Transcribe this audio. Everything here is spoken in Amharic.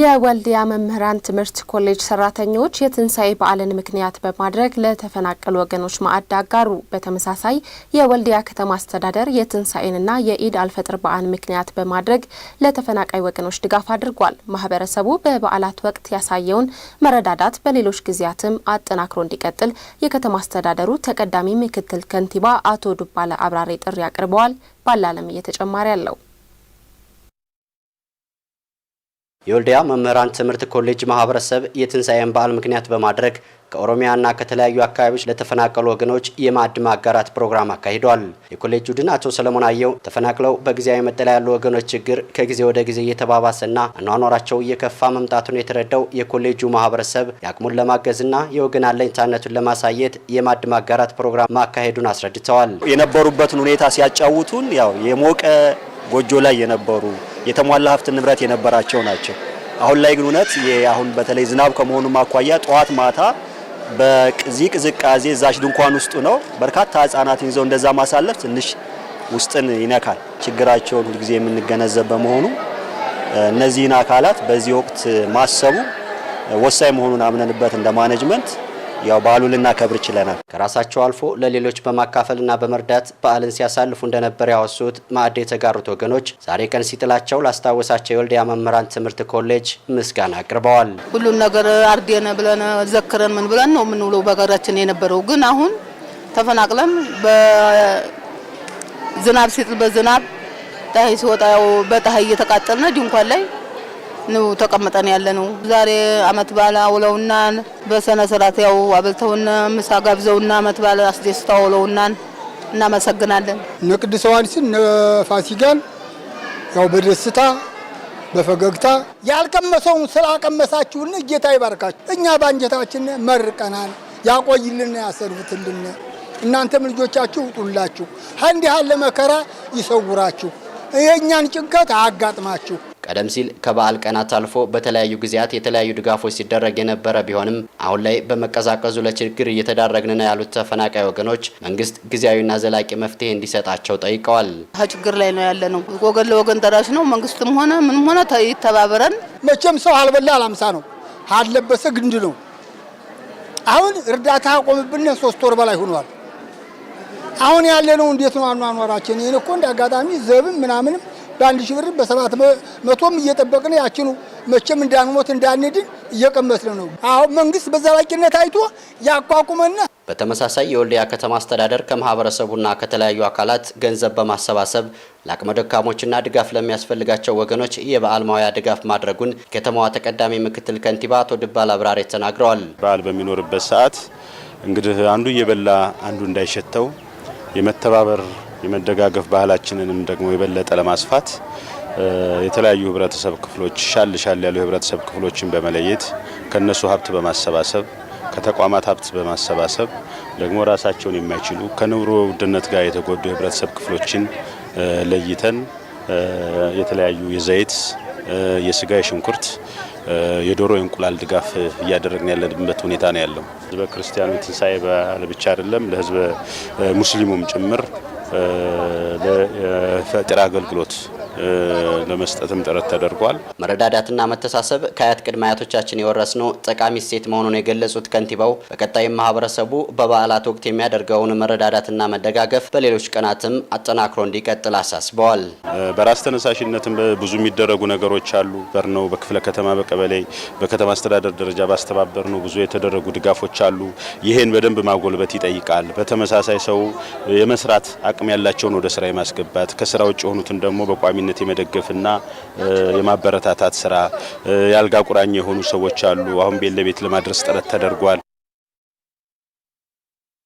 የወልዲያ መምህራን ትምህርት ኮሌጅ ሰራተኞች የትንሣኤ በዓልን ምክንያት በማድረግ ለተፈናቀሉ ወገኖች ማዕድ አጋሩ። በተመሳሳይ የወልዲያ ከተማ አስተዳደር የትንሣኤንና የኢድ አልፈጥር በዓልን ምክንያት በማድረግ ለተፈናቃይ ወገኖች ድጋፍ አድርጓል። ማህበረሰቡ በበዓላት ወቅት ያሳየውን መረዳዳት በሌሎች ጊዜያትም አጠናክሮ እንዲቀጥል የከተማ አስተዳደሩ ተቀዳሚ ምክትል ከንቲባ አቶ ዱባለ አብራሬ ጥሪ አቅርበዋል። ባላለም እየተጨማሪ አለው። የወልዲያ መምህራን ትምህርት ኮሌጅ ማህበረሰብ የትንሣኤን በዓል ምክንያት በማድረግ ከኦሮሚያና ከተለያዩ አካባቢዎች ለተፈናቀሉ ወገኖች የማዕድ ማጋራት ፕሮግራም አካሂዷል። የኮሌጅ ቡድን አቶ ሰለሞን አየው ተፈናቅለው በጊዜያዊ መጠለያ ያሉ ወገኖች ችግር ከጊዜ ወደ ጊዜ እየተባባሰና አኗኗራቸው እየከፋ መምጣቱን የተረዳው የኮሌጁ ማህበረሰብ የአቅሙን ለማገዝና የወገን አለኝታነቱን ለማሳየት የማዕድ ማጋራት ፕሮግራም ማካሄዱን አስረድተዋል። የነበሩበትን ሁኔታ ሲያጫውቱን ያው የሞቀ ጎጆ ላይ የነበሩ የተሟላ ሀብት ንብረት የነበራቸው ናቸው። አሁን ላይ ግን እውነት አሁን በተለይ ዝናብ ከመሆኑ ማኳያ ጠዋት ማታ በዚህ ቅዝቃዜ እዛች ድንኳን ውስጡ ነው በርካታ ህጻናትን ይዘው እንደዛ ማሳለፍ ትንሽ ውስጥን ይነካል። ችግራቸውን ሁልጊዜ የምንገነዘብ በመሆኑ እነዚህን አካላት በዚህ ወቅት ማሰቡ ወሳኝ መሆኑን አምነንበት እንደ ማኔጅመንት ያው በዓሉ ልናከብር ችለናል። ከራሳቸው አልፎ ለሌሎች በማካፈልና በመርዳት በዓልን ሲያሳልፉ እንደነበር ያወሱት ማዕድ የተጋሩት ወገኖች ዛሬ ቀን ሲጥላቸው ላስታወሳቸው የወልዲያ መምህራን ትምህርት ኮሌጅ ምስጋና አቅርበዋል። ሁሉን ነገር አርዴነ ብለን ዘክረን ምን ብለን ነው የምንውለው በጋራችን የነበረው ግን አሁን ተፈናቅለን በዝናብ ሲጥል በዝናብ ፀሐይ ሲወጣ ያው በፀሐይ እየተቃጠልን ድንኳን ላይ ነው ተቀምጠን ያለ ነው። ዛሬ አመት በዓል አውለውናን በሰነ ስርዓት ያው አብልተውና ምሳ ጋብዘውና አመት በዓል አስደስተው አውለውናን እናመሰግናለን። ንቅድስ ዮሐንስን ፋሲካን ያው በደስታ በፈገግታ ያልቀመሰውን ስላቀመሳችሁን ጌታ ይባርካችሁ። እኛ ባንጀታችን መርቀናል። ያቆይልን ያሰርብትልን። እናንተም ልጆቻችሁ ውጡላችሁ። እንዲህ ያለ መከራ ይሰውራችሁ። የእኛን ጭንቀት አያጋጥማችሁ። ቀደም ሲል ከበዓል ቀናት አልፎ በተለያዩ ጊዜያት የተለያዩ ድጋፎች ሲደረግ የነበረ ቢሆንም አሁን ላይ በመቀዛቀዙ ለችግር እየተዳረግን ነው ያሉት ተፈናቃይ ወገኖች መንግስት ጊዜያዊና ዘላቂ መፍትሄ እንዲሰጣቸው ጠይቀዋል። ችግር ላይ ነው ያለ ነው። ወገን ለወገን ደራሽ ነው። መንግስትም ሆነ ምንም ሆነ ይተባበረን። መቼም ሰው አልበላ አላምሳ ነው አለበሰ ግንድ ነው። አሁን እርዳታ አቆምብን ሶስት ወር በላይ ሆኗል። አሁን ያለ ነው እንዴት ነው አኗኗራችን? ይህን እኮ እንደ አጋጣሚ ዘብም ምናምንም በአንድ ሺህ ብር በሰባት መቶም እየጠበቅን ያችኑ መቼም እንዳንሞት እንዳንድን እየቀመስን ነው። አሁን መንግስት በዘላቂነት አይቶ ያቋቁመና በተመሳሳይ የወልዲያ ከተማ አስተዳደር ከማህበረሰቡና ከተለያዩ አካላት ገንዘብ በማሰባሰብ ለአቅመ ደካሞችና ድጋፍ ለሚያስፈልጋቸው ወገኖች የበዓል ማውያ ድጋፍ ማድረጉን የከተማዋ ተቀዳሚ ምክትል ከንቲባ አቶ ድባል አብራሬ ተናግረዋል። በዓል በሚኖርበት ሰዓት እንግዲህ አንዱ እየበላ አንዱ እንዳይሸተው የመተባበር የመደጋገፍ ባህላችንንም ደግሞ የበለጠ ለማስፋት የተለያዩ ህብረተሰብ ክፍሎች ሻል ሻል ያሉ የህብረተሰብ ክፍሎችን በመለየት ከነሱ ሀብት በማሰባሰብ ከተቋማት ሀብት በማሰባሰብ ደግሞ ራሳቸውን የማይችሉ ከኑሮ ውድነት ጋር የተጎዱ የህብረተሰብ ክፍሎችን ለይተን የተለያዩ የዘይት፣ የስጋ፣ የሽንኩርት፣ የዶሮ፣ የእንቁላል ድጋፍ እያደረግን ያለንበት ሁኔታ ነው ያለው። ህዝበ ክርስቲያኑ ትንሳኤ ብቻ አይደለም ለህዝበ ሙስሊሙም ጭምር ለፈጠራ አገልግሎት ለመስጠትም ጥረት ተደርጓል። መረዳዳትና መተሳሰብ ከአያት ቅድመ አያቶቻችን የወረስነው ጠቃሚ እሴት መሆኑን የገለጹት ከንቲባው በቀጣይም ማህበረሰቡ በበዓላት ወቅት የሚያደርገውን መረዳዳትና መደጋገፍ በሌሎች ቀናትም አጠናክሮ እንዲቀጥል አሳስበዋል። በራስ ተነሳሽነትም ብዙ የሚደረጉ ነገሮች አሉ። በርነው በክፍለ ከተማ፣ በቀበሌ፣ በከተማ አስተዳደር ደረጃ ባስተባበር ነው ብዙ የተደረጉ ድጋፎች አሉ። ይህን በደንብ ማጎልበት ይጠይቃል። በተመሳሳይ ሰው የመስራት አቅም ያላቸውን ወደ ስራ የማስገባት ከስራ ውጭ የሆኑትን ደግሞ በቋሚ በቋሚነት የመደገፍና የማበረታታት ስራ፣ የአልጋ ቁራኛ የሆኑ ሰዎች አሉ። አሁን ቤት ለቤት ለማድረስ ጥረት ተደርጓል።